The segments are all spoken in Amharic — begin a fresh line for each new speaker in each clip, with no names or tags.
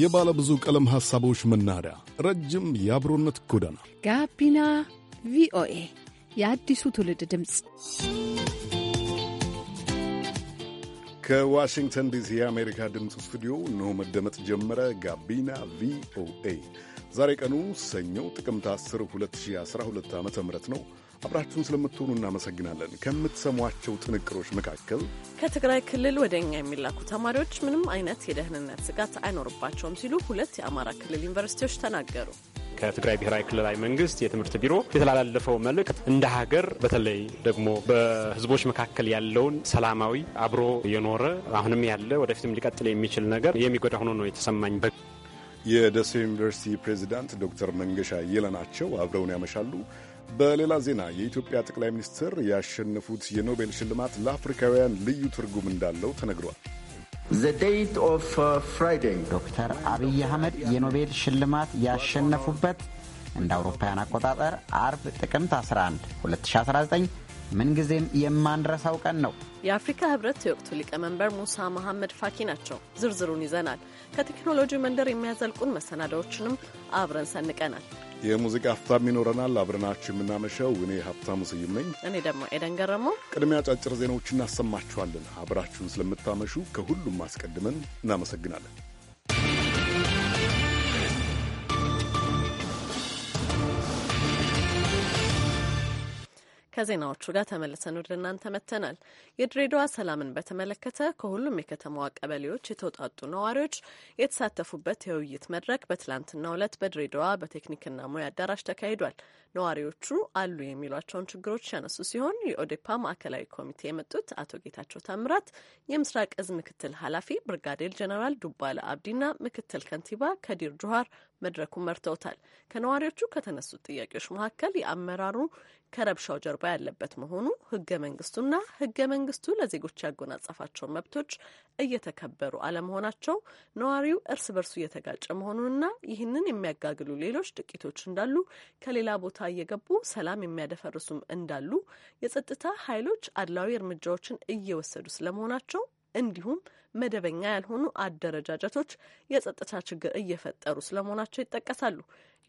የባለ ብዙ ቀለም ሐሳቦች መናኸሪያ፣ ረጅም የአብሮነት ጎዳና
ጋቢና ቪኦኤ የአዲሱ ትውልድ ድምፅ
ከዋሽንግተን ዲሲ የአሜሪካ ድምፅ ስቱዲዮ እነሆ መደመጥ ጀመረ። ጋቢና ቪኦኤ ዛሬ ቀኑ ሰኞ ጥቅምት 10 2012 ዓ ም ነው። አብራችሁን ስለምትሆኑ እናመሰግናለን። ከምትሰሟቸው ጥንቅሮች መካከል
ከትግራይ ክልል ወደ እኛ የሚላኩ ተማሪዎች ምንም አይነት የደህንነት ስጋት አይኖርባቸውም ሲሉ ሁለት የአማራ ክልል ዩኒቨርሲቲዎች ተናገሩ።
ከትግራይ ብሔራዊ ክልላዊ መንግስት የትምህርት ቢሮ የተላለፈው መልእክት እንደ ሀገር በተለይ ደግሞ በህዝቦች መካከል ያለውን ሰላማዊ አብሮ የኖረ አሁንም ያለ ወደፊትም ሊቀጥል የሚችል ነገር የሚጎዳ ሆኖ ነው የተሰማኝ።
የደሴ ዩኒቨርሲቲ ፕሬዚዳንት ዶክተር መንገሻ የለ ናቸው። አብረውን ያመሻሉ። በሌላ ዜና የኢትዮጵያ ጠቅላይ ሚኒስትር ያሸነፉት የኖቤል ሽልማት ለአፍሪካውያን ልዩ ትርጉም እንዳለው ተነግሯል። uh,
ዶክተር አብይ አህመድ የኖቤል ሽልማት ያሸነፉበት እንደ አውሮፓውያን አቆጣጠር አርብ ጥቅምት 11 2019 ምንጊዜም የማንረሳው ቀን ነው።
የአፍሪካ ህብረት የወቅቱ ሊቀመንበር ሙሳ መሐመድ ፋኪ ናቸው። ዝርዝሩን ይዘናል። ከቴክኖሎጂ መንደር የሚያዘልቁን መሰናዳዎችንም አብረን ሰንቀናል።
የሙዚቃ ሀብታም ይኖረናል። አብረናችሁ የምናመሸው እኔ ሀብታሙ ስዩም ነኝ።
እኔ ደግሞ ኤደን ገረሙ።
ቅድሚያ አጫጭር ዜናዎች እናሰማችኋለን። አብራችሁን ስለምታመሹ ከሁሉም አስቀድመን እናመሰግናለን።
ከዜናዎቹ ጋር ተመልሰን ወደ እናንተ መጥተናል። የድሬዳዋ ሰላምን በተመለከተ ከሁሉም የከተማዋ ቀበሌዎች የተውጣጡ ነዋሪዎች የተሳተፉበት የውይይት መድረክ በትላንትናው ዕለት በድሬዳዋ በቴክኒክና ሙያ አዳራሽ ተካሂዷል። ነዋሪዎቹ አሉ የሚሏቸውን ችግሮች ያነሱ ሲሆን የኦዴፓ ማዕከላዊ ኮሚቴ የመጡት አቶ ጌታቸው ታምራት፣ የምስራቅ እዝ ምክትል ኃላፊ ብርጋዴር ጀነራል ዱባለ አብዲና ምክትል ከንቲባ ከዲር ጁሃር መድረኩን መርተውታል። ከነዋሪዎቹ ከተነሱት ጥያቄዎች መካከል የአመራሩ ከረብሻው ጀርባ ያለበት መሆኑ፣ ህገ መንግስቱና ህገ መንግስቱ ለዜጎች ያጎናጸፋቸውን መብቶች እየተከበሩ አለመሆናቸው፣ ነዋሪው እርስ በርሱ እየተጋጨ መሆኑንና ይህንን የሚያጋግሉ ሌሎች ጥቂቶች እንዳሉ፣ ከሌላ ቦታ እየገቡ ሰላም የሚያደፈርሱም እንዳሉ፣ የጸጥታ ኃይሎች አድላዊ እርምጃዎችን እየወሰዱ ስለመሆናቸው እንዲሁም መደበኛ ያልሆኑ አደረጃጀቶች የጸጥታ ችግር እየፈጠሩ ስለመሆናቸው ይጠቀሳሉ።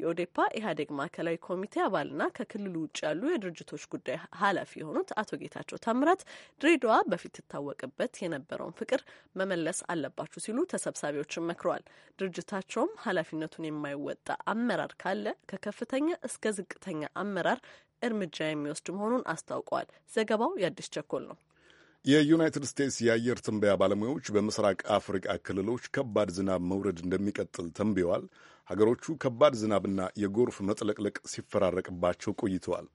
የኦዴፓ ኢህአዴግ ማዕከላዊ ኮሚቴ አባልና ከክልሉ ውጭ ያሉ የድርጅቶች ጉዳይ ኃላፊ የሆኑት አቶ ጌታቸው ታምራት ድሬዳዋ በፊት ትታወቅበት የነበረውን ፍቅር መመለስ አለባችሁ ሲሉ ተሰብሳቢዎችን መክረዋል። ድርጅታቸውም ኃላፊነቱን የማይወጣ አመራር ካለ ከከፍተኛ እስከ ዝቅተኛ አመራር እርምጃ የሚወስድ መሆኑን አስታውቀዋል። ዘገባው የአዲስ ቸኮል ነው።
የዩናይትድ ስቴትስ የአየር ትንበያ ባለሙያዎች በምስራቅ አፍሪቃ ክልሎች ከባድ ዝናብ መውረድ እንደሚቀጥል ተንብየዋል። ሀገሮቹ ከባድ ዝናብና የጎርፍ መጥለቅለቅ ሲፈራረቅባቸው ቆይተዋል።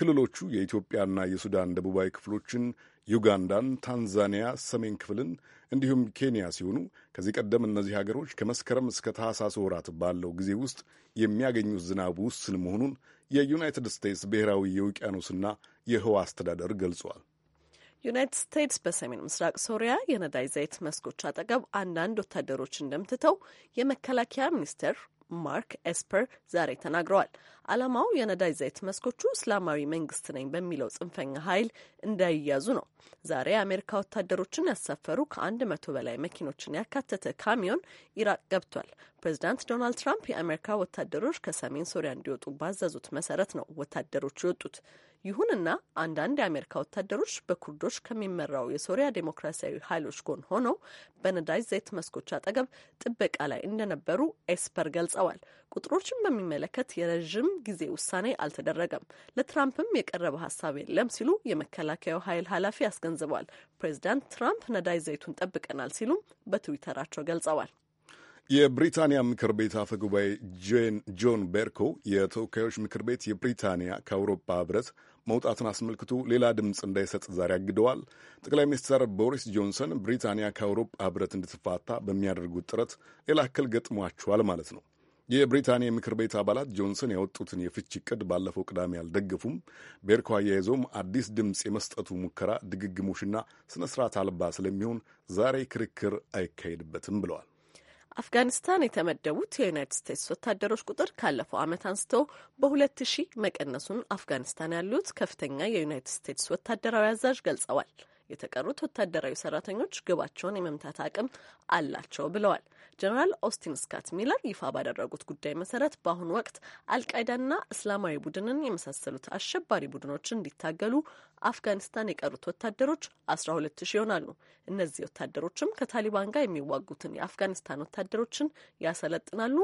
ክልሎቹ የኢትዮጵያና የሱዳን ደቡባዊ ክፍሎችን፣ ዩጋንዳን፣ ታንዛኒያ ሰሜን ክፍልን እንዲሁም ኬንያ ሲሆኑ ከዚህ ቀደም እነዚህ ሀገሮች ከመስከረም እስከ ታህሳስ ወራት ባለው ጊዜ ውስጥ የሚያገኙት ዝናብ ውስን መሆኑን የዩናይትድ ስቴትስ ብሔራዊ የውቅያኖስና የህዋ አስተዳደር ገልጿል።
ዩናይትድ ስቴትስ በሰሜን ምስራቅ ሶሪያ የነዳጅ ዘይት መስኮች አጠገብ አንዳንድ ወታደሮች እንደምትተው የመከላከያ ሚኒስቴር ማርክ ኤስፐር ዛሬ ተናግረዋል። ዓላማው የነዳጅ ዘይት መስኮቹ እስላማዊ መንግስት ነኝ በሚለው ጽንፈኛ ኃይል እንዳይያዙ ነው። ዛሬ የአሜሪካ ወታደሮችን ያሳፈሩ ከአንድ መቶ በላይ መኪኖችን ያካተተ ካሚዮን ኢራቅ ገብቷል። ፕሬዚዳንት ዶናልድ ትራምፕ የአሜሪካ ወታደሮች ከሰሜን ሶሪያ እንዲወጡ ባዘዙት መሰረት ነው ወታደሮቹ የወጡት። ይሁንና አንዳንድ የአሜሪካ ወታደሮች በኩርዶች ከሚመራው የሶሪያ ዴሞክራሲያዊ ኃይሎች ጎን ሆነው በነዳጅ ዘይት መስኮች አጠገብ ጥበቃ ላይ እንደነበሩ ኤስፐር ገልጸዋል። ቁጥሮችን በሚመለከት የረዥም ጊዜ ውሳኔ አልተደረገም፣ ለትራምፕም የቀረበ ሀሳብ የለም ሲሉ የመከላከያው ኃይል ኃላፊ አስገንዝበዋል። ፕሬዚዳንት ትራምፕ ነዳጅ ዘይቱን ጠብቀናል ሲሉም በትዊተራቸው ገልጸዋል።
የብሪታንያ ምክር ቤት አፈ ጉባኤ ጆን ቤርኮ የተወካዮች ምክር ቤት የብሪታንያ ከአውሮፓ ህብረት መውጣቱን አስመልክቶ ሌላ ድምፅ እንዳይሰጥ ዛሬ አግደዋል። ጠቅላይ ሚኒስትር ቦሪስ ጆንሰን ብሪታንያ ከአውሮፓ ህብረት እንድትፋታ በሚያደርጉት ጥረት ሌላ እክል ገጥሟቸዋል ማለት ነው። የብሪታንያ የምክር ቤት አባላት ጆንሰን ያወጡትን የፍቺ እቅድ ባለፈው ቅዳሜ አልደገፉም። ቤርኮ አያይዘውም አዲስ ድምፅ የመስጠቱ ሙከራ ድግግሞሽና ስነ ስርዓት አልባ ስለሚሆን ዛሬ ክርክር አይካሄድበትም ብለዋል።
አፍጋኒስታን የተመደቡት የዩናይትድ ስቴትስ ወታደሮች ቁጥር ካለፈው ዓመት አንስተው በሁለት ሺህ መቀነሱን አፍጋኒስታን ያሉት ከፍተኛ የዩናይትድ ስቴትስ ወታደራዊ አዛዥ ገልጸዋል። የተቀሩት ወታደራዊ ሰራተኞች ግባቸውን የመምታት አቅም አላቸው ብለዋል። ጀነራል ኦስቲን ስካት ሚለር ይፋ ባደረጉት ጉዳይ መሰረት በአሁኑ ወቅት አልቃይዳና እስላማዊ ቡድንን የመሳሰሉት አሸባሪ ቡድኖች እንዲታገሉ አፍጋኒስታን የቀሩት ወታደሮች አስራ ሁለት ሺ ይሆናሉ። እነዚህ ወታደሮችም ከታሊባን ጋር የሚዋጉትን የአፍጋኒስታን ወታደሮችን ያሰለጥናሉ፣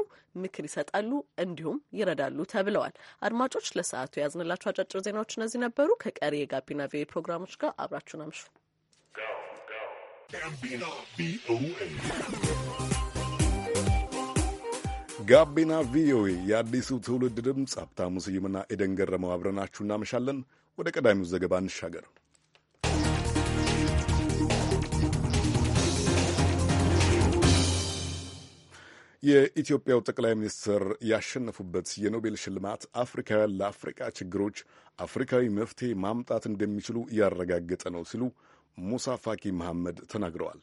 ምክር ይሰጣሉ፣ እንዲሁም ይረዳሉ ተብለዋል። አድማጮች ለሰዓቱ የያዝንላቸው አጫጭር ዜናዎች እነዚህ ነበሩ። ከቀሪ የጋቢና ቪኦኤ ፕሮግራሞች ጋር አብራችሁን አምሹ።
ጋቢና ቪኦኤ የአዲሱ ትውልድ ድምፅ ሀብታሙ ስዩምና ኤደን ገረመው አብረናችሁ እናመሻለን። ወደ ቀዳሚው ዘገባ እንሻገር። የኢትዮጵያው ጠቅላይ ሚኒስትር ያሸነፉበት የኖቤል ሽልማት አፍሪካውያን ለአፍሪቃ ችግሮች አፍሪካዊ መፍትሄ ማምጣት እንደሚችሉ እያረጋገጠ ነው ሲሉ ሙሳ ፋኪ መሐመድ ተናግረዋል።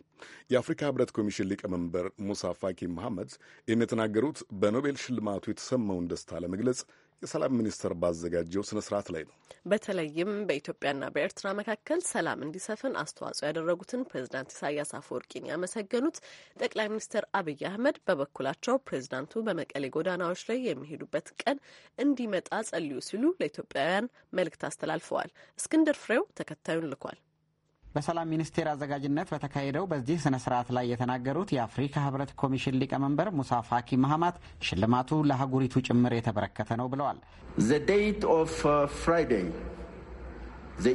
የአፍሪካ ህብረት ኮሚሽን ሊቀመንበር ሙሳ ፋኪ መሐመድ ይህን የተናገሩት በኖቤል ሽልማቱ የተሰማውን ደስታ ለመግለጽ የሰላም ሚኒስቴር ባዘጋጀው ስነ ስርዓት ላይ ነው።
በተለይም በኢትዮጵያና በኤርትራ መካከል ሰላም እንዲሰፍን አስተዋጽኦ ያደረጉትን ፕሬዚዳንት ኢሳያስ አፈወርቂን ያመሰገኑት ጠቅላይ ሚኒስትር አብይ አህመድ በበኩላቸው ፕሬዚዳንቱ በመቀሌ ጎዳናዎች ላይ የሚሄዱበት ቀን እንዲመጣ ጸልዩ ሲሉ ለኢትዮጵያውያን መልእክት አስተላልፈዋል። እስክንድር ፍሬው ተከታዩን ልኳል። በሰላም ሚኒስቴር አዘጋጅነት
በተካሄደው በዚህ ስነ ስርዓት ላይ የተናገሩት የአፍሪካ ህብረት ኮሚሽን ሊቀመንበር ሙሳ ፋኪ መሀማት ሽልማቱ ለአህጉሪቱ ጭምር የተበረከተ ነው ብለዋል።
ዘ ኦፍ ፍራይዴይ ዘ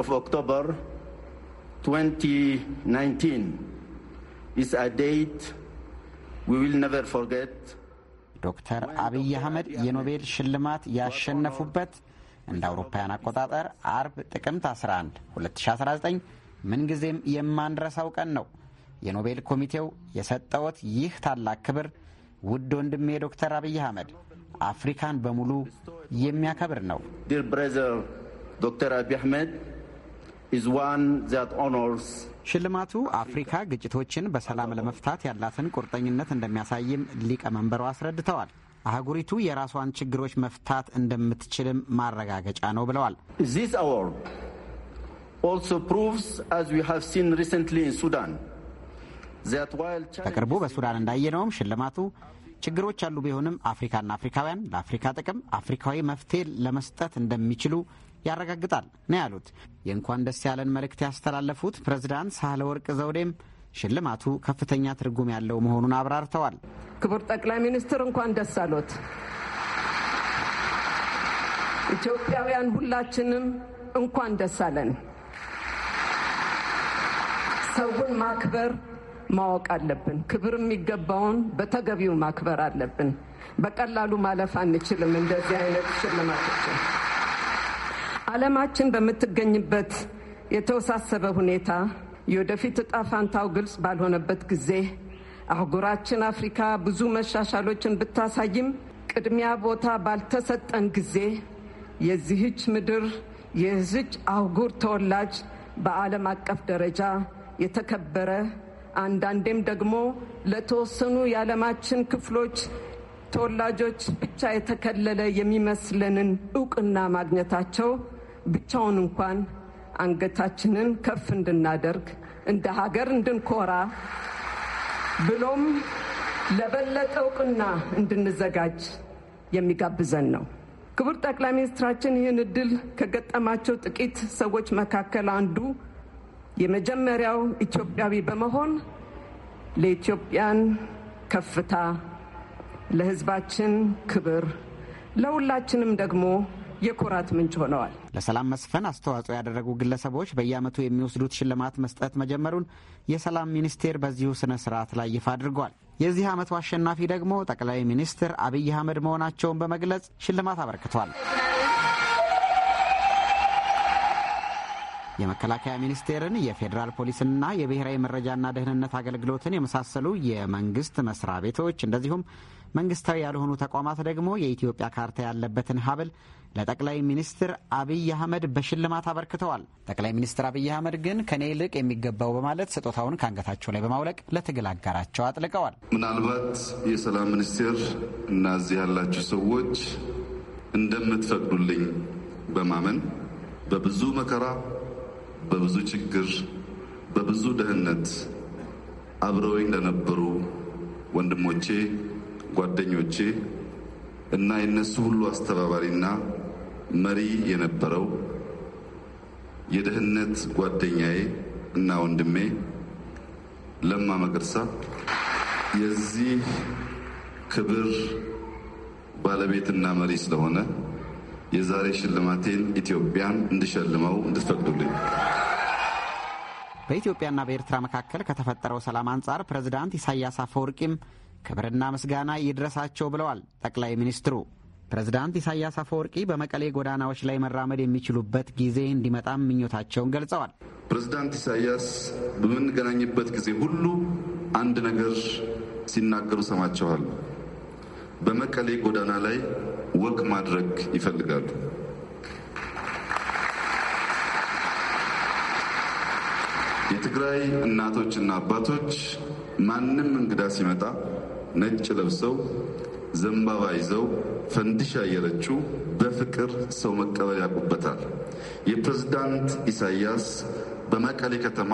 ኦፍ ኦክቶበር 2019 ኢዝ አ ዴት ዊ ዊል ፎርጌት
ዶክተር አብይ አህመድ የኖቤል ሽልማት ያሸነፉበት እንደ አውሮፓውያን አቆጣጠር አርብ ጥቅምት 11 2019 ምንጊዜም የማንረሳው ቀን ነው። የኖቤል ኮሚቴው የሰጠዎት ይህ ታላቅ ክብር ውድ ወንድሜ ዶክተር አብይ አህመድ አፍሪካን በሙሉ የሚያከብር ነው።
ዲር
ብሬዘር ዶክተር አብይ አህመድ ኢዝ ዋን ዛት ኦኖርስ
ሽልማቱ አፍሪካ ግጭቶችን በሰላም ለመፍታት ያላትን ቁርጠኝነት እንደሚያሳይም ሊቀመንበሩ አስረድተዋል። አህጉሪቱ የራሷን ችግሮች መፍታት እንደምትችልም ማረጋገጫ ነው ብለዋል። ዚስ አዋርድ
ኦልሶ ፕሩቭስ አዝ ዊ ሃቭ ሲን ሪሰንትሊ ኢን ሱዳን
በቅርቡ በሱዳን እንዳየነውም ሽልማቱ ችግሮች ያሉ ቢሆንም አፍሪካና አፍሪካውያን ለአፍሪካ ጥቅም አፍሪካዊ መፍትሄ ለመስጠት እንደሚችሉ ያረጋግጣል ነው ያሉት። የእንኳን ደስ ያለን መልእክት ያስተላለፉት ፕሬዝዳንት ወርቅ ዘውዴም ሽልማቱ ከፍተኛ ትርጉም ያለው መሆኑን አብራርተዋል። ክቡር ጠቅላይ
ሚኒስትር እንኳን ደስ አሎት። ኢትዮጵያውያን ሁላችንም እንኳን ደስ አለን። ሰውን ማክበር ማወቅ አለብን። ክብር የሚገባውን በተገቢው ማክበር አለብን። በቀላሉ ማለፍ አንችልም። እንደዚህ አይነት ሽልማቶችን ዓለማችን በምትገኝበት የተወሳሰበ ሁኔታ የወደፊት እጣ ፋንታው ግልጽ ባልሆነበት ጊዜ አህጉራችን አፍሪካ ብዙ መሻሻሎችን ብታሳይም ቅድሚያ ቦታ ባልተሰጠን ጊዜ የዚህች ምድር የዚች አህጉር ተወላጅ በዓለም አቀፍ ደረጃ የተከበረ አንዳንዴም ደግሞ ለተወሰኑ የዓለማችን ክፍሎች ተወላጆች ብቻ የተከለለ የሚመስለንን እውቅና ማግኘታቸው ብቻውን እንኳን አንገታችንን ከፍ እንድናደርግ እንደ ሀገር እንድንኮራ ብሎም ለበለጠ እውቅና እንድንዘጋጅ የሚጋብዘን ነው። ክቡር ጠቅላይ ሚኒስትራችን ይህን እድል ከገጠማቸው ጥቂት ሰዎች መካከል አንዱ የመጀመሪያው ኢትዮጵያዊ በመሆን ለኢትዮጵያን ከፍታ፣ ለሕዝባችን ክብር፣ ለሁላችንም ደግሞ የኩራት ምንጭ ሆነዋል።
ለሰላም መስፈን አስተዋጽኦ ያደረጉ ግለሰቦች በየዓመቱ የሚወስዱት ሽልማት መስጠት መጀመሩን የሰላም ሚኒስቴር በዚሁ ስነ ስርዓት ላይ ይፋ አድርጓል። የዚህ ዓመቱ አሸናፊ ደግሞ ጠቅላይ ሚኒስትር አብይ አህመድ መሆናቸውን በመግለጽ ሽልማት አበርክቷል። የመከላከያ ሚኒስቴርን፣ የፌዴራል ፖሊስና የብሔራዊ መረጃና ደህንነት አገልግሎትን የመሳሰሉ የመንግስት መስሪያ ቤቶች እንደዚሁም መንግስታዊ ያልሆኑ ተቋማት ደግሞ የኢትዮጵያ ካርታ ያለበትን ሀብል ለጠቅላይ ሚኒስትር አብይ አህመድ በሽልማት አበርክተዋል። ጠቅላይ ሚኒስትር አብይ አህመድ ግን ከኔ ይልቅ የሚገባው በማለት ስጦታውን ከአንገታቸው ላይ በማውለቅ ለትግል አጋራቸው አጥልቀዋል።
ምናልባት የሰላም ሚኒስቴር እና እዚህ ያላችሁ ሰዎች እንደምትፈቅዱልኝ በማመን በብዙ መከራ በብዙ ችግር፣ በብዙ ደህንነት አብረውኝ ለነበሩ ወንድሞቼ፣ ጓደኞቼ እና የነሱ ሁሉ አስተባባሪና መሪ የነበረው የደህንነት ጓደኛዬ እና ወንድሜ ለማ መገርሳ የዚህ ክብር ባለቤትና መሪ ስለሆነ የዛሬ ሽልማቴን ኢትዮጵያን እንድሸልመው እንድትፈቅዱልኝ።
በኢትዮጵያና በኤርትራ መካከል ከተፈጠረው ሰላም አንጻር ፕሬዝዳንት ኢሳያስ አፈወርቂም ክብርና ምስጋና ይድረሳቸው ብለዋል ጠቅላይ ሚኒስትሩ። ፕሬዝዳንት ኢሳያስ አፈወርቂ በመቀሌ ጎዳናዎች ላይ መራመድ የሚችሉበት ጊዜ እንዲመጣም ምኞታቸውን ገልጸዋል።
ፕሬዝዳንት ኢሳያስ በምንገናኝበት ጊዜ ሁሉ አንድ ነገር ሲናገሩ ሰማቸዋል። በመቀሌ ጎዳና ላይ ወግ ማድረግ ይፈልጋሉ። የትግራይ እናቶችና አባቶች ማንም እንግዳ ሲመጣ ነጭ ለብሰው ዘንባባ ይዘው ፈንዲሻ እየረጩ በፍቅር ሰው መቀበል ያውቁበታል። የፕሬዝዳንት ኢሳያስ በመቀሌ ከተማ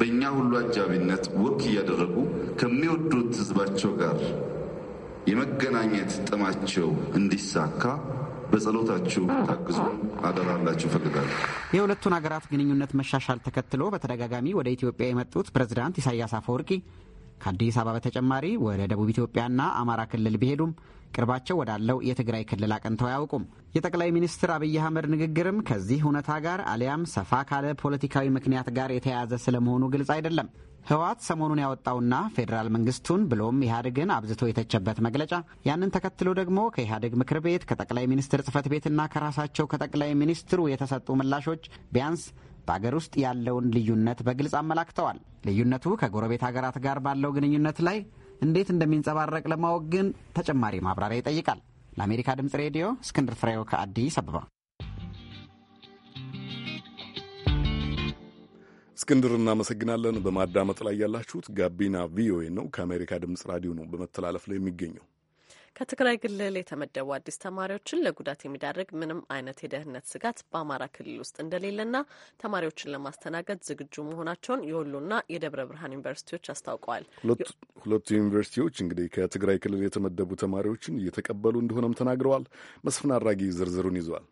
በእኛ ሁሉ አጃቢነት ወክ እያደረጉ ከሚወዱት ህዝባቸው ጋር የመገናኘት ጥማቸው እንዲሳካ በጸሎታችሁ ታግዙ አደራላችሁ እፈልጋለሁ።
የሁለቱን ሀገራት ግንኙነት መሻሻል ተከትሎ በተደጋጋሚ ወደ ኢትዮጵያ የመጡት ፕሬዝዳንት ኢሳያስ አፈወርቂ ከአዲስ አበባ በተጨማሪ ወደ ደቡብ ኢትዮጵያና አማራ ክልል ቢሄዱም ቅርባቸው ወዳለው የትግራይ ክልል አቅንተው አያውቁም። የጠቅላይ ሚኒስትር አብይ አህመድ ንግግርም ከዚህ እውነታ ጋር አሊያም ሰፋ ካለ ፖለቲካዊ ምክንያት ጋር የተያያዘ ስለመሆኑ ግልጽ አይደለም። ህወሓት ሰሞኑን ያወጣውና ፌዴራል መንግስቱን ብሎም ኢህአዴግን አብዝቶ የተቸበት መግለጫ ያንን ተከትሎ ደግሞ ከኢህአዴግ ምክር ቤት ከጠቅላይ ሚኒስትር ጽህፈት ቤትና ከራሳቸው ከጠቅላይ ሚኒስትሩ የተሰጡ ምላሾች ቢያንስ በአገር ውስጥ ያለውን ልዩነት በግልጽ አመላክተዋል። ልዩነቱ ከጎረቤት ሀገራት ጋር ባለው ግንኙነት ላይ እንዴት እንደሚንጸባረቅ ለማወቅ ግን ተጨማሪ ማብራሪያ ይጠይቃል። ለአሜሪካ ድምጽ ሬዲዮ እስክንድር ፍሬው ከአዲስ አበባ
እስክንድር እናመሰግናለን። በማዳመጥ ላይ ያላችሁት ጋቢና ቪኦኤ ነው፣ ከአሜሪካ ድምፅ ራዲዮ ነው በመተላለፍ ላይ የሚገኘው።
ከትግራይ ክልል የተመደቡ አዲስ ተማሪዎችን ለጉዳት የሚዳርግ ምንም አይነት የደህንነት ስጋት በአማራ ክልል ውስጥ እንደሌለና ተማሪዎችን ለማስተናገድ ዝግጁ መሆናቸውን የወሎና የደብረ ብርሃን ዩኒቨርሲቲዎች አስታውቀዋል።
ሁለቱ ዩኒቨርሲቲዎች እንግዲህ ከትግራይ ክልል የተመደቡ ተማሪዎችን እየተቀበሉ እንደሆነም ተናግረዋል። መስፍን አድራጊ ዝርዝሩን ይዟል።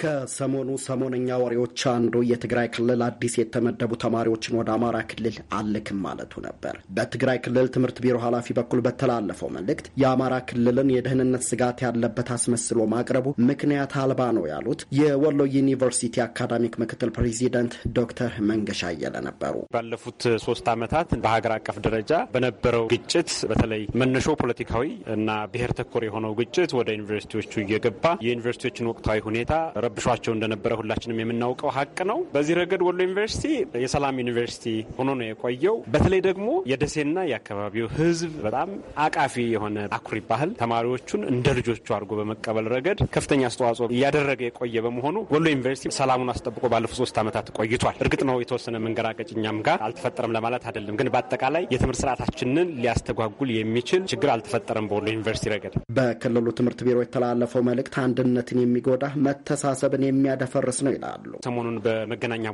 ከሰሞኑ ሰሞነኛ ወሬዎች አንዱ የትግራይ ክልል አዲስ የተመደቡ ተማሪዎችን ወደ አማራ ክልል አልክም ማለቱ ነበር። በትግራይ ክልል ትምህርት ቢሮ ኃላፊ በኩል በተላለፈው መልእክት የአማራ ክልልን የደህንነት ስጋት ያለበት አስመስሎ ማቅረቡ ምክንያት አልባ ነው ያሉት የወሎ ዩኒቨርሲቲ አካዳሚክ ምክትል ፕሬዚደንት ዶክተር መንገሻ አየለ ነበሩ።
ባለፉት ሶስት ዓመታት በሀገር አቀፍ ደረጃ በነበረው ግጭት በተለይ መነሾ ፖለቲካዊ እና ብሔር ተኮር የሆነው ግጭት ወደ ዩኒቨርሲቲዎቹ እየገባ የዩኒቨርሲቲዎችን ወቅታዊ ሁኔታ ሲረብሿቸው እንደነበረ ሁላችንም የምናውቀው ሀቅ ነው። በዚህ ረገድ ወሎ ዩኒቨርሲቲ የሰላም ዩኒቨርሲቲ ሆኖ ነው የቆየው። በተለይ ደግሞ የደሴና የአካባቢው ሕዝብ በጣም አቃፊ የሆነ አኩሪ ባህል ተማሪዎቹን እንደ ልጆቹ አድርጎ በመቀበል ረገድ ከፍተኛ አስተዋጽኦ እያደረገ የቆየ በመሆኑ ወሎ ዩኒቨርሲቲ ሰላሙን አስጠብቆ ባለፉት ሶስት ዓመታት ቆይቷል። እርግጥ ነው የተወሰነ መንገራገጭ እኛም ጋር አልተፈጠረም ለማለት አይደለም፣ ግን በአጠቃላይ የትምህርት ስርዓታችንን ሊያስተጓጉል የሚችል ችግር አልተፈጠረም በወሎ ዩኒቨርሲቲ ረገድ።
በክልሉ ትምህርት ቢሮ የተላለፈው መልእክት አንድነትን የሚጎዳ መተሳሰ አስተሳሰብን የሚያደፈርስ ነው ይላሉ።
ሰሞኑን በመገናኛ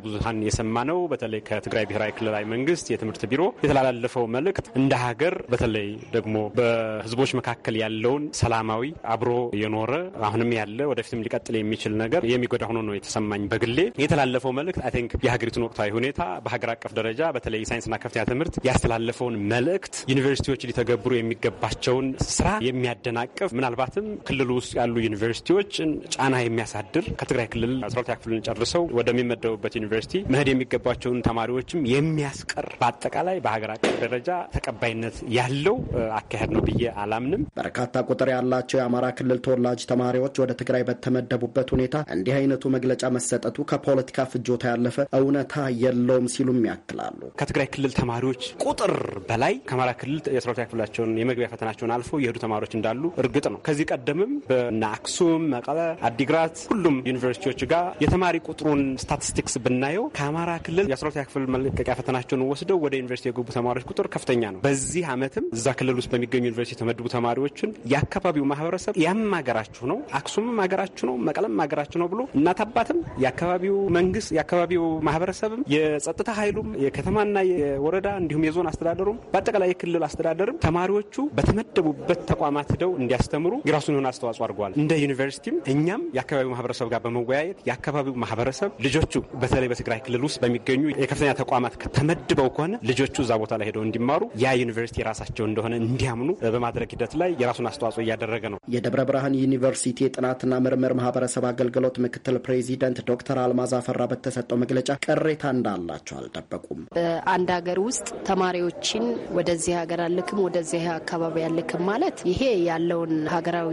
የሰማ ነው በተለይ ከትግራይ ብሔራዊ ክልላዊ መንግስት የትምህርት ቢሮ የተላለፈው መልእክት እንደ ሀገር በተለይ ደግሞ በህዝቦች መካከል ያለውን ሰላማዊ አብሮ የኖረ አሁንም ያለ ወደፊትም ሊቀጥል የሚችል ነገር የሚጎዳ ሆኖ ነው የተሰማኝ። በግሌ የተላለፈው መልእክት አይ ቲንክ የሀገሪቱን ወቅታዊ ሁኔታ በሀገር አቀፍ ደረጃ በተለይ ሳይንስና ከፍተኛ ትምህርት ያስተላለፈውን መልእክት ዩኒቨርሲቲዎች ሊተገብሩ የሚገባቸውን ስራ የሚያደናቅፍ ምናልባትም ክልሉ ውስጥ ያሉ ዩኒቨርሲቲዎችን ጫና የሚያሳድር ከትግራይ ክልል አስራ ሁለተኛ ክፍልን ጨርሰው ወደሚመደቡበት ዩኒቨርሲቲ መሄድ የሚገባቸውን ተማሪዎችም የሚያስቀር በአጠቃላይ በሀገር አቀፍ ደረጃ ተቀባይነት ያለው አካሄድ ነው ብዬ አላምንም።
በርካታ ቁጥር ያላቸው የአማራ ክልል ተወላጅ ተማሪዎች ወደ ትግራይ በተመደቡበት ሁኔታ እንዲህ አይነቱ መግለጫ መሰጠቱ ከፖለቲካ ፍጆታ ያለፈ እውነታ የለውም ሲሉም ያክላሉ።
ከትግራይ ክልል ተማሪዎች ቁጥር በላይ ከአማራ ክልል የአስራ ሁለተኛ ክፍላቸውን የመግቢያ ፈተናቸውን አልፎ የሄዱ ተማሪዎች እንዳሉ እርግጥ ነው። ከዚህ ቀደምም በአክሱም፣ መቀለ፣ አዲግራት ሁሉም ከሁሉም ዩኒቨርሲቲዎች ጋር የተማሪ ቁጥሩን ስታቲስቲክስ ብናየው ከአማራ ክልል የአስራሁለተኛ ክፍል መለቀቂያ ፈተናቸውን ወስደው ወደ ዩኒቨርሲቲ የገቡ ተማሪዎች ቁጥር ከፍተኛ ነው። በዚህ ዓመትም እዛ ክልል ውስጥ በሚገኙ ዩኒቨርሲቲ የተመደቡ ተማሪዎችን የአካባቢው ማህበረሰብ ያም ሀገራችሁ ነው፣ አክሱምም ሀገራችሁ ነው፣ መቀለም ሀገራችሁ ነው ብሎ እናት አባትም፣ የአካባቢው መንግስት፣ የአካባቢው ማህበረሰብም፣ የጸጥታ ኃይሉም፣ የከተማና የወረዳ እንዲሁም የዞን አስተዳደሩም በአጠቃላይ የክልል አስተዳደርም ተማሪዎቹ በተመደቡበት ተቋማት ሂደው እንዲያስተምሩ የራሱን የሆነ አስተዋጽኦ አድርገዋል። እንደ ዩኒቨርሲቲም እኛም የአካባቢው ማህበረሰብ ማህበረሰብ ጋር በመወያየት የአካባቢው ማህበረሰብ ልጆቹ በተለይ በትግራይ ክልል ውስጥ በሚገኙ የከፍተኛ ተቋማት ተመድበው ከሆነ ልጆቹ እዛ ቦታ ላይ ሄደው እንዲማሩ ያ ዩኒቨርሲቲ የራሳቸው እንደሆነ እንዲያምኑ በማድረግ ሂደት ላይ የራሱን አስተዋጽኦ እያደረገ ነው። የደብረ
ብርሃን ዩኒቨርሲቲ የጥናትና ምርምር ማህበረሰብ አገልግሎት ምክትል ፕሬዚደንት ዶክተር አልማዝ አፈራ በተሰጠው መግለጫ ቅሬታ እንዳላቸው አልጠበቁም።
በአንድ
ሀገር ውስጥ ተማሪዎችን ወደዚህ ሀገር አልክም ወደዚህ አካባቢ አልክም ማለት ይሄ ያለውን ሀገራዊ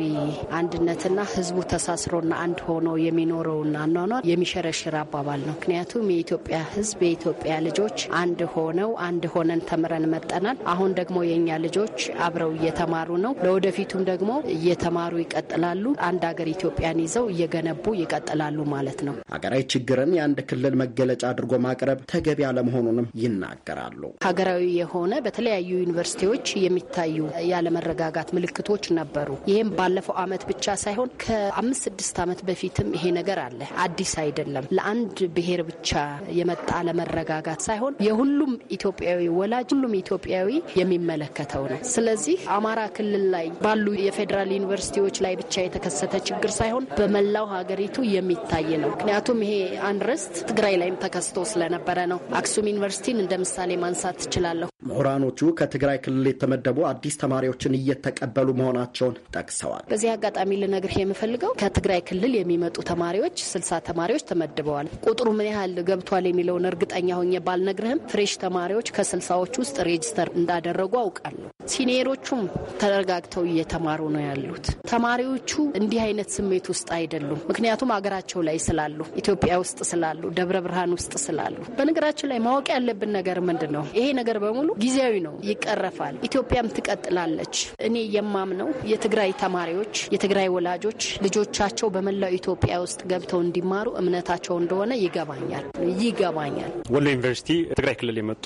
አንድነትና ህዝቡ ተሳስሮና አንድ ሆኖ የሚኖረውን አኗኗር የሚሸረሽር አባባል ነው። ምክንያቱም የኢትዮጵያ ሕዝብ የኢትዮጵያ ልጆች አንድ ሆነው አንድ ሆነን ተምረን መጠናል። አሁን ደግሞ የእኛ ልጆች አብረው እየተማሩ ነው። ለወደፊቱም ደግሞ እየተማሩ ይቀጥላሉ። አንድ ሀገር ኢትዮጵያን ይዘው እየገነቡ ይቀጥላሉ ማለት ነው።
ሀገራዊ ችግርን የአንድ ክልል መገለጫ አድርጎ ማቅረብ ተገቢ አለመሆኑንም ይናገራሉ።
ሀገራዊ የሆነ በተለያዩ ዩኒቨርሲቲዎች የሚታዩ ያለመረጋጋት ምልክቶች ነበሩ። ይህም ባለፈው ዓመት ብቻ ሳይሆን ከአምስት ስድስት ዓመት በፊትም ይሄ ነገር አለ፣ አዲስ አይደለም። ለአንድ ብሔር ብቻ የመጣ አለመረጋጋት ሳይሆን የሁሉም ኢትዮጵያዊ ወላጅ፣ ሁሉም ኢትዮጵያዊ የሚመለከተው ነው። ስለዚህ አማራ ክልል ላይ ባሉ የፌዴራል ዩኒቨርሲቲዎች ላይ ብቻ የተከሰተ ችግር ሳይሆን በመላው ሀገሪቱ የሚታይ ነው። ምክንያቱም ይሄ አንርስት ትግራይ ላይም ተከስቶ ስለነበረ ነው። አክሱም ዩኒቨርሲቲን እንደ ምሳሌ ማንሳት ትችላለሁ።
ምሁራኖቹ ከትግራይ ክልል የተመደቡ አዲስ ተማሪዎችን እየተቀበሉ መሆናቸውን ጠቅሰዋል።
በዚህ አጋጣሚ ልነግርህ የምፈልገው ከትግራይ ክልል የሚመጡ ተማሪዎች ስልሳ ተማሪዎች ተመድበዋል። ቁጥሩ ምን ያህል ገብቷል የሚለውን እርግጠኛ ሆኜ ባልነግርህም ፍሬሽ ተማሪዎች ከስልሳዎች ውስጥ ሬጅስተር እንዳደረጉ አውቃለሁ። ሲኒየሮቹም ተረጋግተው እየተማሩ ነው ያሉት። ተማሪዎቹ እንዲህ አይነት ስሜት ውስጥ አይደሉም። ምክንያቱም አገራቸው ላይ ስላሉ፣ ኢትዮጵያ ውስጥ ስላሉ፣ ደብረ ብርሃን ውስጥ ስላሉ። በነገራችን ላይ ማወቅ ያለብን ነገር ምንድን ነው? ይሄ ነገር በሙሉ ጊዜያዊ ነው፣ ይቀረፋል። ኢትዮጵያም ትቀጥላለች። እኔ የማምነው የትግራይ ተማሪዎች፣ የትግራይ ወላጆች ልጆቻቸው በመላው ኢትዮጵያ ኢትዮጵያ ውስጥ ገብተው እንዲማሩ እምነታቸው እንደሆነ ይገባኛል ይገባኛል።
ወሎ ዩኒቨርሲቲ ትግራይ ክልል የመጡ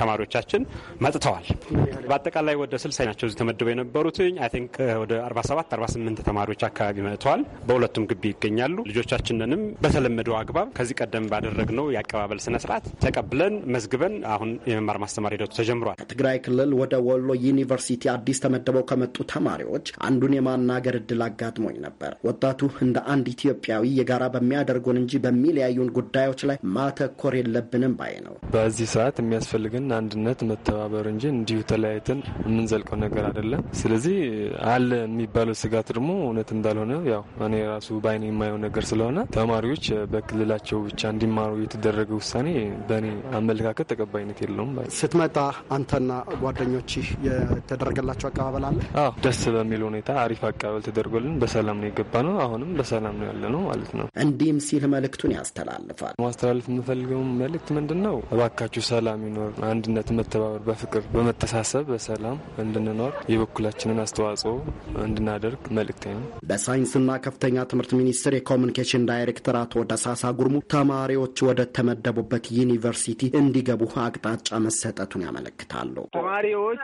ተማሪዎቻችን መጥተዋል። በአጠቃላይ ወደ ስልሳ ናቸው እዚህ ተመድበው የነበሩት አይ ቲንክ ወደ 47 48 ተማሪዎች አካባቢ መጥተዋል። በሁለቱም ግቢ ይገኛሉ። ልጆቻችንንም በተለመደው አግባብ ከዚህ ቀደም ባደረግነው የአቀባበል ስነስርዓት ተቀብለን መዝግበን አሁን የመማር ማስተማር ሂደቱ ተጀምሯል።
ከትግራይ ክልል ወደ ወሎ ዩኒቨርሲቲ አዲስ ተመድበው ከመጡ ተማሪዎች አንዱን የማናገር እድል አጋጥሞኝ ነበር። ወጣቱ እንደ አንድ ኢትዮ ኢትዮጵያዊ የጋራ በሚያደርጉን እንጂ በሚለያዩን ጉዳዮች ላይ ማተኮር የለብንም ባይ ነው።
በዚህ ሰዓት የሚያስፈልግን አንድነት፣ መተባበር እንጂ እንዲሁ ተለያይተን የምንዘልቀው ነገር አይደለም። ስለዚህ አለ የሚባለው ስጋት ደግሞ እውነት እንዳልሆነ ያው እኔ ራሱ በአይኔ የማየው ነገር ስለሆነ ተማሪዎች በክልላቸው ብቻ እንዲማሩ የተደረገ ውሳኔ በእኔ አመለካከት ተቀባይነት የለውም። ስትመጣ አንተና ጓደኞች የተደረገላቸው አቀባበል አለ? ደስ በሚል ሁኔታ አሪፍ አቀባበል ተደርጎልን በሰላም ነው የገባ ነው። አሁንም በሰላም ነው ያለ ነው ማለት ነው። እንዲህም ሲል መልእክቱን ያስተላልፋል። ማስተላለፍ የምፈልገው መልእክት ምንድን ነው? እባካችሁ ሰላም ይኖር፣ አንድነት፣ መተባበር፣ በፍቅር በመተሳሰብ በሰላም እንድንኖር የበኩላችንን አስተዋጽኦ እንድናደርግ መልእክት ነው።
በሳይንስና ከፍተኛ ትምህርት ሚኒስቴር የኮሚኒኬሽን ዳይሬክተር አቶ ደሳሳ ጉርሙ ተማሪዎች ወደ ተመደቡበት ዩኒቨርሲቲ እንዲገቡ አቅጣጫ መሰጠቱን ያመለክታሉ።
ተማሪዎች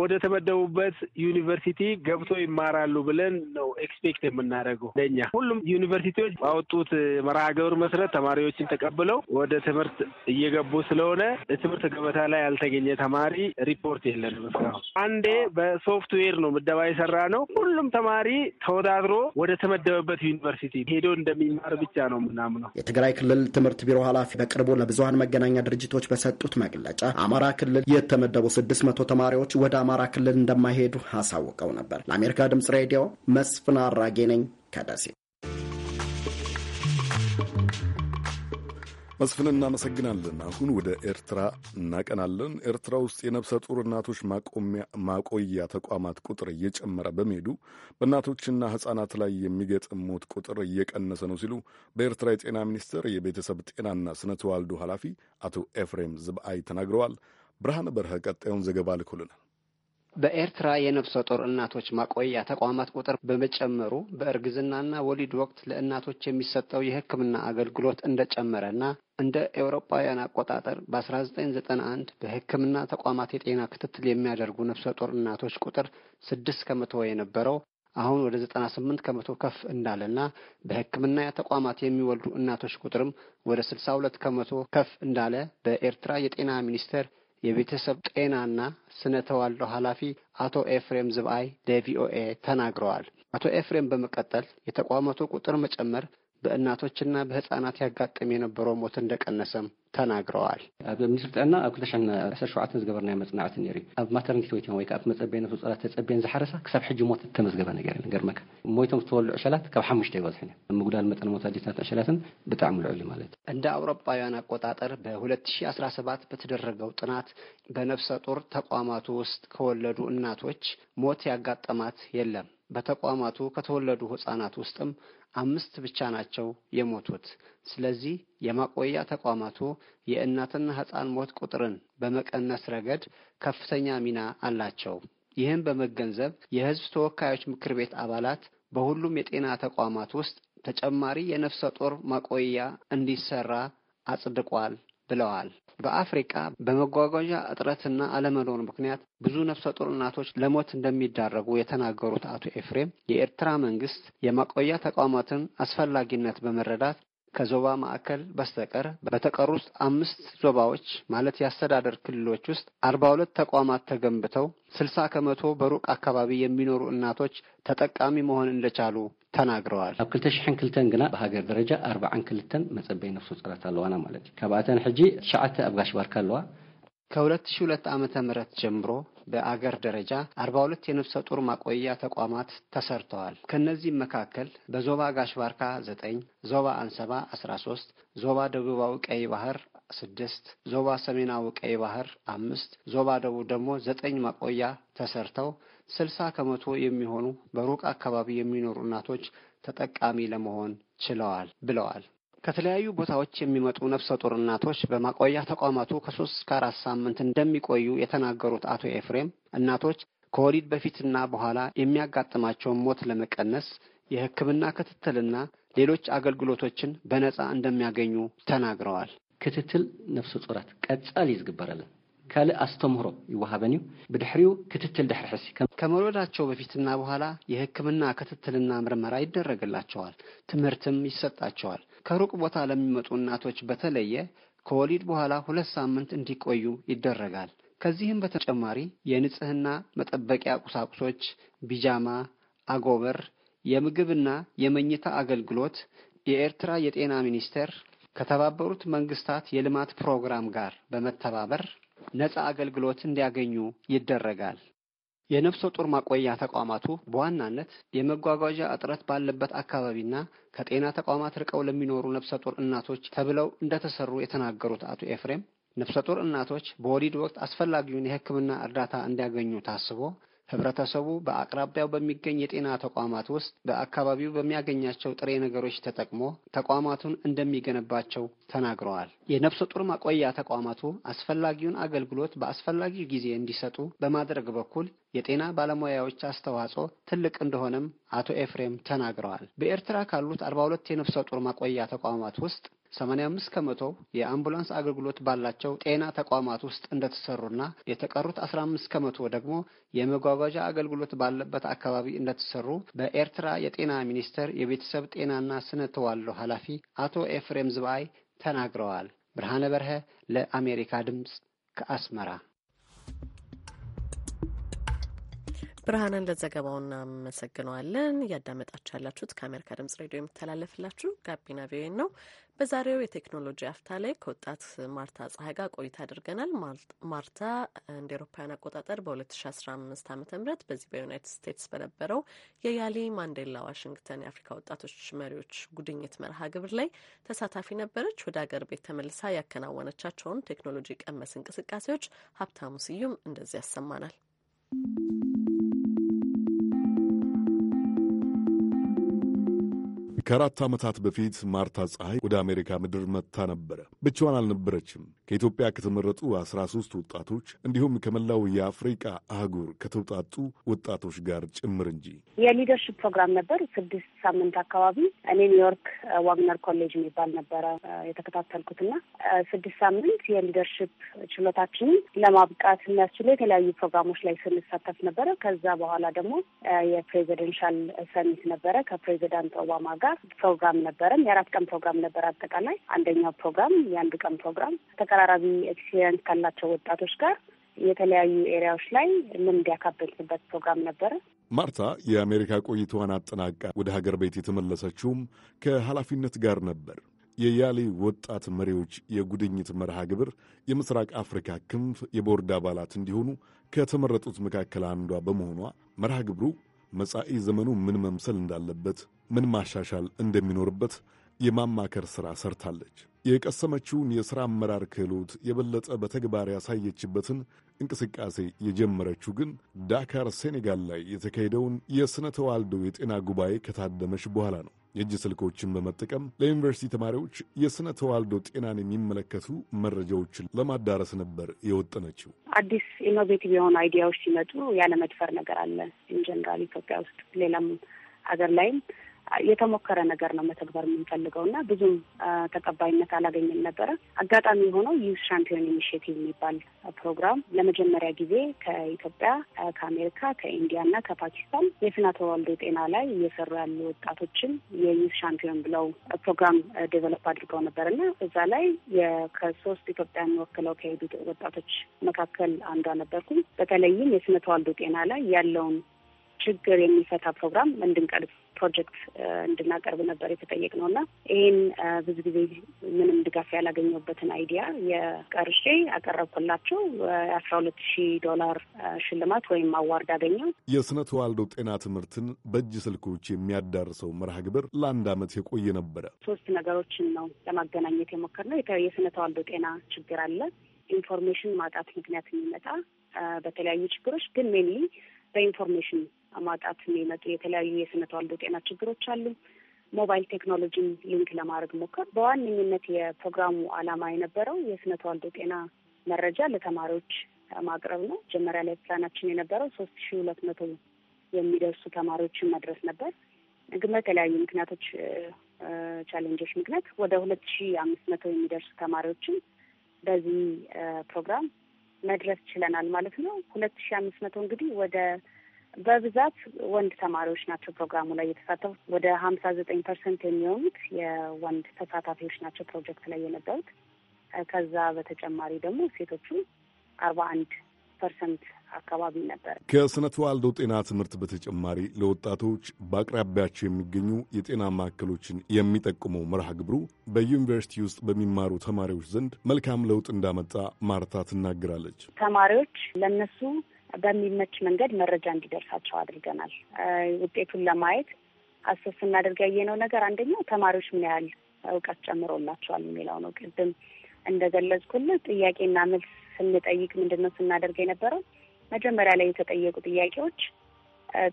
ወደ ተመደቡበት ዩኒቨርሲቲ ገብቶ ይማራሉ ብለን ነው ኤክስፔክት የምናደርገው። ለእኛ ሁሉም ዩኒቨርሲቲዎች ባወጡት መርሃ ግብር መሰረት ተማሪዎችን ተቀብለው ወደ ትምህርት እየገቡ ስለሆነ ትምህርት ገበታ ላይ ያልተገኘ ተማሪ ሪፖርት የለንም እስካሁን። አንዴ በሶፍትዌር ነው ምደባ የሰራ ነው። ሁሉም ተማሪ ተወዳድሮ ወደ ተመደበበት ዩኒቨርሲቲ ሄዶ እንደሚማር ብቻ ነው ምናምነው።
የትግራይ ክልል ትምህርት ቢሮ ኃላፊ በቅርቡ ለብዙሀን መገናኛ ድርጅቶች በሰጡት መግለጫ አማራ ክልል የተመደቡ ስድስት መቶ ተማሪዎች ወደ አማራ ክልል እንደማይሄዱ አሳውቀው ነበር። ለአሜሪካ ድምጽ ሬዲዮ መስፍን አራጌ ነኝ
ከደሴ። መስፍን እናመሰግናለን። አሁን ወደ ኤርትራ እናቀናለን። ኤርትራ ውስጥ የነፍሰ ጡር እናቶች ማቆያ ተቋማት ቁጥር እየጨመረ በመሄዱ በእናቶችና ሕጻናት ላይ የሚገጥም ሞት ቁጥር እየቀነሰ ነው ሲሉ በኤርትራ የጤና ሚኒስቴር የቤተሰብ ጤናና ስነ ተዋልዶ ኃላፊ አቶ ኤፍሬም ዝብአይ ተናግረዋል። ብርሃን በርሀ ቀጣዩን ዘገባ ልኮልናል።
በኤርትራ የነፍሰ ጡር እናቶች ማቆያ ተቋማት ቁጥር በመጨመሩ በእርግዝናና ወሊድ ወቅት ለእናቶች የሚሰጠው የሕክምና አገልግሎት እንደጨመረና እንደ ኤውሮጳውያን አቆጣጠር በ1991 በሕክምና ተቋማት የጤና ክትትል የሚያደርጉ ነፍሰ ጡር እናቶች ቁጥር ስድስት ከመቶ የነበረው አሁን ወደ 98 ከመቶ ከፍ እንዳለና በሕክምና ተቋማት የሚወልዱ እናቶች ቁጥርም ወደ 62 ከመቶ ከፍ እንዳለ በኤርትራ የጤና ሚኒስቴር የቤተሰብ ጤናና ስነ ተዋልዶ ኃላፊ አቶ ኤፍሬም ዝብአይ ለቪኦኤ ተናግረዋል። አቶ ኤፍሬም በመቀጠል የተቋማቱ ቁጥር መጨመር በእናቶችና በህፃናት ያጋጠም የነበረው ሞት እንደቀነሰም ተናግረዋል። ኣብ ምንስልጠና ኣብ 217 ዝገበርናዮ መፅናዕቲ ነይሩ እዩ ኣብ ማተርኒቲ ወይትና ወይ ኣብ መፀበይነ ፍፁላት ተፀበየን ዝሓረሳ ክሳብ ሕጂ ሞት ተመዝገበ ነገር ገርመካ ሞይቶም ዝተወልዑ ዕሸላት ካብ ሓሙሽተ ይበዝሕን እዮም ምጉዳል መጠን ሞት ኣዴታት ዕሸላትን ብጣዕሚ ልዑል ማለት እዩ እንደ ኣውሮጳውያን ኣቆጣጠር በ2017 በተደረገው ጥናት በነፍሰ ጡር ተቋማቱ ውስጥ ከወለዱ እናቶች ሞት ያጋጠማት የለም። በተቋማቱ ከተወለዱ ህጻናት ውስጥም አምስት ብቻ ናቸው የሞቱት። ስለዚህ የማቆያ ተቋማቱ የእናትና ህፃን ሞት ቁጥርን በመቀነስ ረገድ ከፍተኛ ሚና አላቸው። ይህም በመገንዘብ የህዝብ ተወካዮች ምክር ቤት አባላት በሁሉም የጤና ተቋማት ውስጥ ተጨማሪ የነፍሰ ጡር ማቆያ እንዲሰራ አጽድቋል ብለዋል። በአፍሪቃ በመጓጓዣ እጥረትና አለመኖር ምክንያት ብዙ ነፍሰ ጡር እናቶች ለሞት እንደሚዳረጉ የተናገሩት አቶ ኤፍሬም የኤርትራ መንግስት የማቆያ ተቋማትን አስፈላጊነት በመረዳት ከዞባ ማዕከል በስተቀር በተቀሩ ውስጥ አምስት ዞባዎች ማለት የአስተዳደር ክልሎች ውስጥ አርባ ሁለት ተቋማት ተገንብተው ስልሳ ከመቶ በሩቅ አካባቢ የሚኖሩ እናቶች ተጠቃሚ መሆን እንደቻሉ ተናግረዋል። ኣብ ክልተ ሽሕን ክልተን ግና ብሃገር ደረጃ ኣርባዓን ክልተን መፀበይ ነፍሲ ወፃራት ኣለዋና ማለት እዩ ካብኣተን ሕጂ ትሽዓተ ኣብ ጋሽ ባርካ ኣለዋ ከሁለት ሺ ሁለት ዓመተ ምህረት ጀምሮ በአገር ደረጃ አርባ ሁለት የነፍሰ ጡር ማቆያ ተቋማት ተሰርተዋል። ከእነዚህም መካከል በዞባ ጋሽባርካ ዘጠኝ ዞባ አንሰባ አስራ ሶስት ዞባ ደቡባዊ ቀይ ባህር ስድስት ዞባ ሰሜናዊ ቀይ ባህር አምስት ዞባ ደቡብ ደግሞ ዘጠኝ ማቆያ ተሰርተው ስልሳ ከመቶ የሚሆኑ በሩቅ አካባቢ የሚኖሩ እናቶች ተጠቃሚ ለመሆን ችለዋል ብለዋል። ከተለያዩ ቦታዎች የሚመጡ ነፍሰ ጡር እናቶች በማቆያ ተቋማቱ ከሶስት እስከ አራት ሳምንት እንደሚቆዩ የተናገሩት አቶ ኤፍሬም እናቶች ከወሊድ በፊትና በኋላ የሚያጋጥማቸውን ሞት ለመቀነስ የሕክምና ክትትልና ሌሎች አገልግሎቶችን በነፃ እንደሚያገኙ ተናግረዋል። ክትትል ነፍሰ ጡራት ቀጻል ዝግበረለን ካልእ አስተምህሮ ይወሃበን እዩ ብድሕሪኡ ክትትል ድሕሪ ሕሲ ከመውለዳቸው በፊትና በኋላ የሕክምና ክትትልና ምርመራ ይደረግላቸዋል። ትምህርትም ይሰጣቸዋል። ከሩቅ ቦታ ለሚመጡ እናቶች በተለየ ከወሊድ በኋላ ሁለት ሳምንት እንዲቆዩ ይደረጋል። ከዚህም በተጨማሪ የንጽህና መጠበቂያ ቁሳቁሶች፣ ቢጃማ፣ አጎበር፣ የምግብና የመኝታ አገልግሎት የኤርትራ የጤና ሚኒስቴር ከተባበሩት መንግስታት የልማት ፕሮግራም ጋር በመተባበር ነፃ አገልግሎት እንዲያገኙ ይደረጋል። የነፍሰ ጡር ማቆያ ተቋማቱ በዋናነት የመጓጓዣ እጥረት ባለበት አካባቢና ከጤና ተቋማት ርቀው ለሚኖሩ ነፍሰ ጡር እናቶች ተብለው እንደተሰሩ የተናገሩት አቶ ኤፍሬም ነፍሰ ጡር እናቶች በወሊድ ወቅት አስፈላጊውን የሕክምና እርዳታ እንዲያገኙ ታስቦ ህብረተሰቡ በአቅራቢያው በሚገኝ የጤና ተቋማት ውስጥ በአካባቢው በሚያገኛቸው ጥሬ ነገሮች ተጠቅሞ ተቋማቱን እንደሚገነባቸው ተናግረዋል። የነፍሰ ጡር ማቆያ ተቋማቱ አስፈላጊውን አገልግሎት በአስፈላጊው ጊዜ እንዲሰጡ በማድረግ በኩል የጤና ባለሙያዎች አስተዋጽኦ ትልቅ እንደሆነም አቶ ኤፍሬም ተናግረዋል። በኤርትራ ካሉት አርባ ሁለት የነፍሰ ጡር ማቆያ ተቋማት ውስጥ 85 ከመቶ የአምቡላንስ አገልግሎት ባላቸው ጤና ተቋማት ውስጥ እንደተሰሩና የተቀሩት 15 ከመቶ ደግሞ የመጓጓዣ አገልግሎት ባለበት አካባቢ እንደተሰሩ በኤርትራ የጤና ሚኒስቴር የቤተሰብ ጤናና ስነ ተዋልዶ ኃላፊ አቶ ኤፍሬም ዝብአይ ተናግረዋል። ብርሃነ በርሀ ለአሜሪካ ድምፅ ከአስመራ
ብርሃንን ለዘገባው እናመሰግነዋለን። እያዳመጣችሁ ያላችሁት ከአሜሪካ ድምጽ ሬዲዮ የሚተላለፍላችሁ ጋቢና ቪኦኤ ነው። በዛሬው የቴክኖሎጂ አፍታ ላይ ከወጣት ማርታ ፀሐይ ጋር ቆይታ አድርገናል። ማርታ እንደ ኤሮፓውያን አቆጣጠር በ2015 ዓ ም በዚህ በዩናይትድ ስቴትስ በነበረው የያሊ ማንዴላ ዋሽንግተን የአፍሪካ ወጣቶች መሪዎች ጉድኝት መርሃ ግብር ላይ ተሳታፊ ነበረች። ወደ ሀገር ቤት ተመልሳ ያከናወነቻቸውን ቴክኖሎጂ ቀመስ እንቅስቃሴዎች ሀብታሙ ስዩም እንደዚህ ያሰማናል። フフフ。
ከአራት ዓመታት በፊት ማርታ ፀሐይ ወደ አሜሪካ ምድር መጥታ ነበረ። ብቻዋን አልነበረችም። ከኢትዮጵያ ከተመረጡ አስራ ሦስት ወጣቶች እንዲሁም ከመላው የአፍሪቃ አህጉር ከተውጣጡ ወጣቶች ጋር ጭምር እንጂ።
የሊደርሽፕ ፕሮግራም ነበር። ስድስት ሳምንት አካባቢ እኔ ኒውዮርክ ዋግነር ኮሌጅ የሚባል ነበረ የተከታተልኩትና ስድስት ሳምንት የሊደርሽፕ ችሎታችንን ለማብቃት የሚያስችሉ የተለያዩ ፕሮግራሞች ላይ ስንሳተፍ ነበረ። ከዛ በኋላ ደግሞ የፕሬዚደንሻል ሰሚት ነበረ ከፕሬዚዳንት ኦባማ ጋር ፕሮግራም ነበረን። የአራት ቀን ፕሮግራም ነበር አጠቃላይ። አንደኛው ፕሮግራም የአንድ ቀን ፕሮግራም ተቀራራቢ ኤክስፔሪንስ ካላቸው ወጣቶች ጋር የተለያዩ ኤሪያዎች ላይ ልምድ ያካበትንበት ፕሮግራም ነበረ።
ማርታ የአሜሪካ ቆይታዋን አጠናቃ ወደ ሀገር ቤት የተመለሰችውም ከኃላፊነት ጋር ነበር። የያሌ ወጣት መሪዎች የጉድኝት መርሃ ግብር የምስራቅ አፍሪካ ክንፍ የቦርድ አባላት እንዲሆኑ ከተመረጡት መካከል አንዷ በመሆኗ መርሃ ግብሩ መጻኢ ዘመኑ ምን መምሰል እንዳለበት፣ ምን ማሻሻል እንደሚኖርበት የማማከር ሥራ ሰርታለች። የቀሰመችውን የሥራ አመራር ክህሎት የበለጠ በተግባር ያሳየችበትን እንቅስቃሴ የጀመረችው ግን ዳካር ሴኔጋል ላይ የተካሄደውን የሥነ ተዋልዶ የጤና ጉባኤ ከታደመች በኋላ ነው። የእጅ ስልኮችን በመጠቀም ለዩኒቨርሲቲ ተማሪዎች የሥነ ተዋልዶ ጤናን የሚመለከቱ መረጃዎችን ለማዳረስ ነበር የወጠነችው።
አዲስ ኢኖቬቲቭ የሆኑ አይዲያዎች ሲመጡ ያለመድፈር ነገር አለ ኢንጀነራል ኢትዮጵያ ውስጥ ሌላም ሀገር ላይም የተሞከረ ነገር ነው መተግበር የምንፈልገው እና ብዙም ተቀባይነት አላገኘም ነበረ። አጋጣሚ የሆነው ዩስ ሻምፒዮን ኢኒሽቲቭ የሚባል ፕሮግራም ለመጀመሪያ ጊዜ ከኢትዮጵያ፣ ከአሜሪካ፣ ከኢንዲያ እና ከፓኪስታን የስነ ተዋልዶ ጤና ላይ እየሰሩ ያሉ ወጣቶችን የዩስ ሻምፒዮን ብለው ፕሮግራም ዴቨሎፕ አድርገው ነበር እና እዛ ላይ ከሶስት ኢትዮጵያ የሚወክለው ከሄዱ ወጣቶች መካከል አንዷ ነበርኩኝ። በተለይም የስነ ተዋልዶ ጤና ላይ ያለውን ችግር የሚፈታ ፕሮግራም እንድንቀርብ ፕሮጀክት እንድናቀርብ ነበር የተጠየቅ ነው እና ይህን ብዙ ጊዜ ምንም ድጋፍ ያላገኘበትን አይዲያ የቀርሼ አቀረብኩላቸው። የአስራ ሁለት ሺ ዶላር ሽልማት ወይም አዋርድ አገኘው።
የስነ ተዋልዶ ጤና ትምህርትን በእጅ ስልኮች የሚያዳርሰው መርሃ ግብር ለአንድ ዓመት የቆየ ነበረ።
ሶስት ነገሮችን ነው ለማገናኘት የሞከርነው። የስነ ተዋልዶ ጤና ችግር አለ። ኢንፎርሜሽን ማጣት ምክንያት የሚመጣ በተለያዩ ችግሮች ግን ሜንሊ በኢንፎርሜሽን ማጣት የሚመጡ የተለያዩ የስነ ተዋልዶ ጤና ችግሮች አሉ። ሞባይል ቴክኖሎጂን ሊንክ ለማድረግ ሞከር። በዋነኝነት የፕሮግራሙ ዓላማ የነበረው የስነ ተዋልዶ ጤና መረጃ ለተማሪዎች ማቅረብ ነው። መጀመሪያ ላይ ፕላናችን የነበረው ሶስት ሺ ሁለት መቶ የሚደርሱ ተማሪዎችን መድረስ ነበር። ግን በተለያዩ ምክንያቶች ቻሌንጆች ምክንያት ወደ ሁለት ሺ አምስት መቶ የሚደርሱ ተማሪዎችን በዚህ ፕሮግራም መድረስ ችለናል ማለት ነው። ሁለት ሺ አምስት መቶ እንግዲህ ወደ በብዛት ወንድ ተማሪዎች ናቸው ፕሮግራሙ ላይ የተሳተፉት። ወደ ሀምሳ ዘጠኝ ፐርሰንት የሚሆኑት የወንድ ተሳታፊዎች ናቸው ፕሮጀክት ላይ የነበሩት። ከዛ በተጨማሪ ደግሞ ሴቶቹ አርባ አንድ ፐርሰንት አካባቢ ነበር።
ከስነ ተዋልዶ ጤና ትምህርት በተጨማሪ ለወጣቶች በአቅራቢያቸው የሚገኙ የጤና ማዕከሎችን የሚጠቁመው መርሃ ግብሩ በዩኒቨርሲቲ ውስጥ በሚማሩ ተማሪዎች ዘንድ መልካም ለውጥ እንዳመጣ ማርታ ትናገራለች።
ተማሪዎች ለነሱ በሚመች መንገድ መረጃ እንዲደርሳቸው አድርገናል። ውጤቱን ለማየት አሰስ ስናደርግ ያየነው ነገር አንደኛው ተማሪዎች ምን ያህል እውቀት ጨምሮላቸዋል የሚለው ነው። ቅድም እንደገለጽኩልህ ጥያቄና መልስ ስንጠይቅ ምንድን ነው ስናደርግ የነበረው መጀመሪያ ላይ የተጠየቁ ጥያቄዎች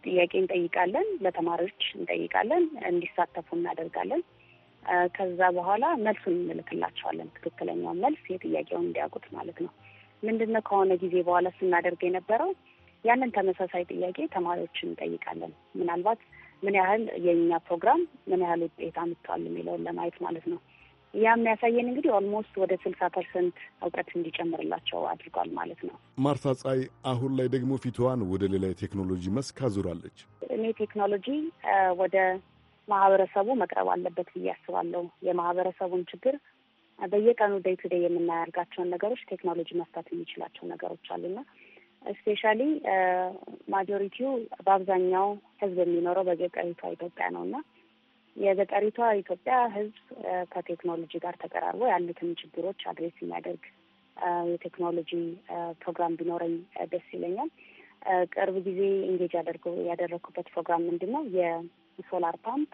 ጥያቄ እንጠይቃለን፣ ለተማሪዎች እንጠይቃለን፣ እንዲሳተፉ እናደርጋለን። ከዛ በኋላ መልሱን እንልክላቸዋለን። ትክክለኛው መልስ የጥያቄውን እንዲያውቁት ማለት ነው። ምንድነው ከሆነ ጊዜ በኋላ ስናደርግ የነበረው ያንን ተመሳሳይ ጥያቄ ተማሪዎችን እንጠይቃለን። ምናልባት ምን ያህል የእኛ ፕሮግራም ምን ያህል ውጤት አምጥቷል የሚለውን ለማየት ማለት ነው። ያ የሚያሳየን እንግዲህ ኦልሞስት ወደ ስልሳ ፐርሰንት እውቀት እንዲጨምርላቸው አድርጓል ማለት ነው።
ማርታ ፀሐይ አሁን ላይ ደግሞ ፊትዋን ወደ ሌላ የቴክኖሎጂ መስክ አዙራለች።
እኔ ቴክኖሎጂ ወደ ማህበረሰቡ መቅረብ አለበት ብዬ አስባለሁ። የማህበረሰቡን ችግር በየቀኑ ደይ ቱ ደይ የምናደርጋቸውን ነገሮች ቴክኖሎጂ መፍታት የሚችላቸው ነገሮች አሉና እስፔሻሊ ማጆሪቲው በአብዛኛው ህዝብ የሚኖረው በገጠሪቷ ኢትዮጵያ ነው እና የገጠሪቷ ኢትዮጵያ ህዝብ ከቴክኖሎጂ ጋር ተቀራርቦ ያሉትን ችግሮች አድሬስ የሚያደርግ የቴክኖሎጂ ፕሮግራም ቢኖረኝ ደስ ይለኛል። ቅርብ ጊዜ ኢንጌጅ ያደረኩበት ፕሮግራም ምንድን ነው? የሶላር ፓምፕ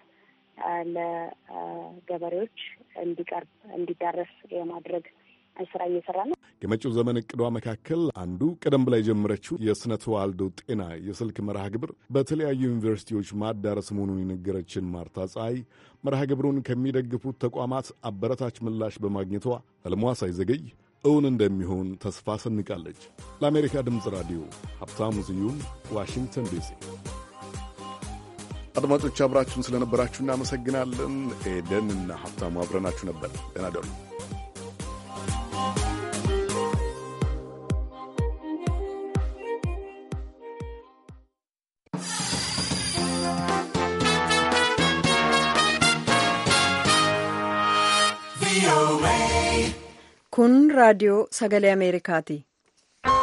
ለገበሬዎች እንዲቀርብ እንዲዳረስ የማድረግ ስራ እየሰራ ነው።
የመጪው ዘመን እቅዷ መካከል አንዱ ቀደም ብላ የጀመረችው የስነ ተዋልዶ ጤና የስልክ መርሃ ግብር በተለያዩ ዩኒቨርሲቲዎች ማዳረስ መሆኑን የነገረችን ማርታ ፀሐይ መርሃ ግብሩን ከሚደግፉት ተቋማት አበረታች ምላሽ በማግኘቷ ህልሟ ሳይዘገይ እውን እንደሚሆን ተስፋ ሰንቃለች። ለአሜሪካ ድምፅ ራዲዮ ሀብታሙ ስዩም ዋሽንግተን ዲሲ አድማጮች አብራችሁን ስለነበራችሁ እናመሰግናለን። ኤደንና ሀብታሙ አብረናችሁ ነበር። ደህና ደሩ።
kun raadiyoo sagalee ameerikaati.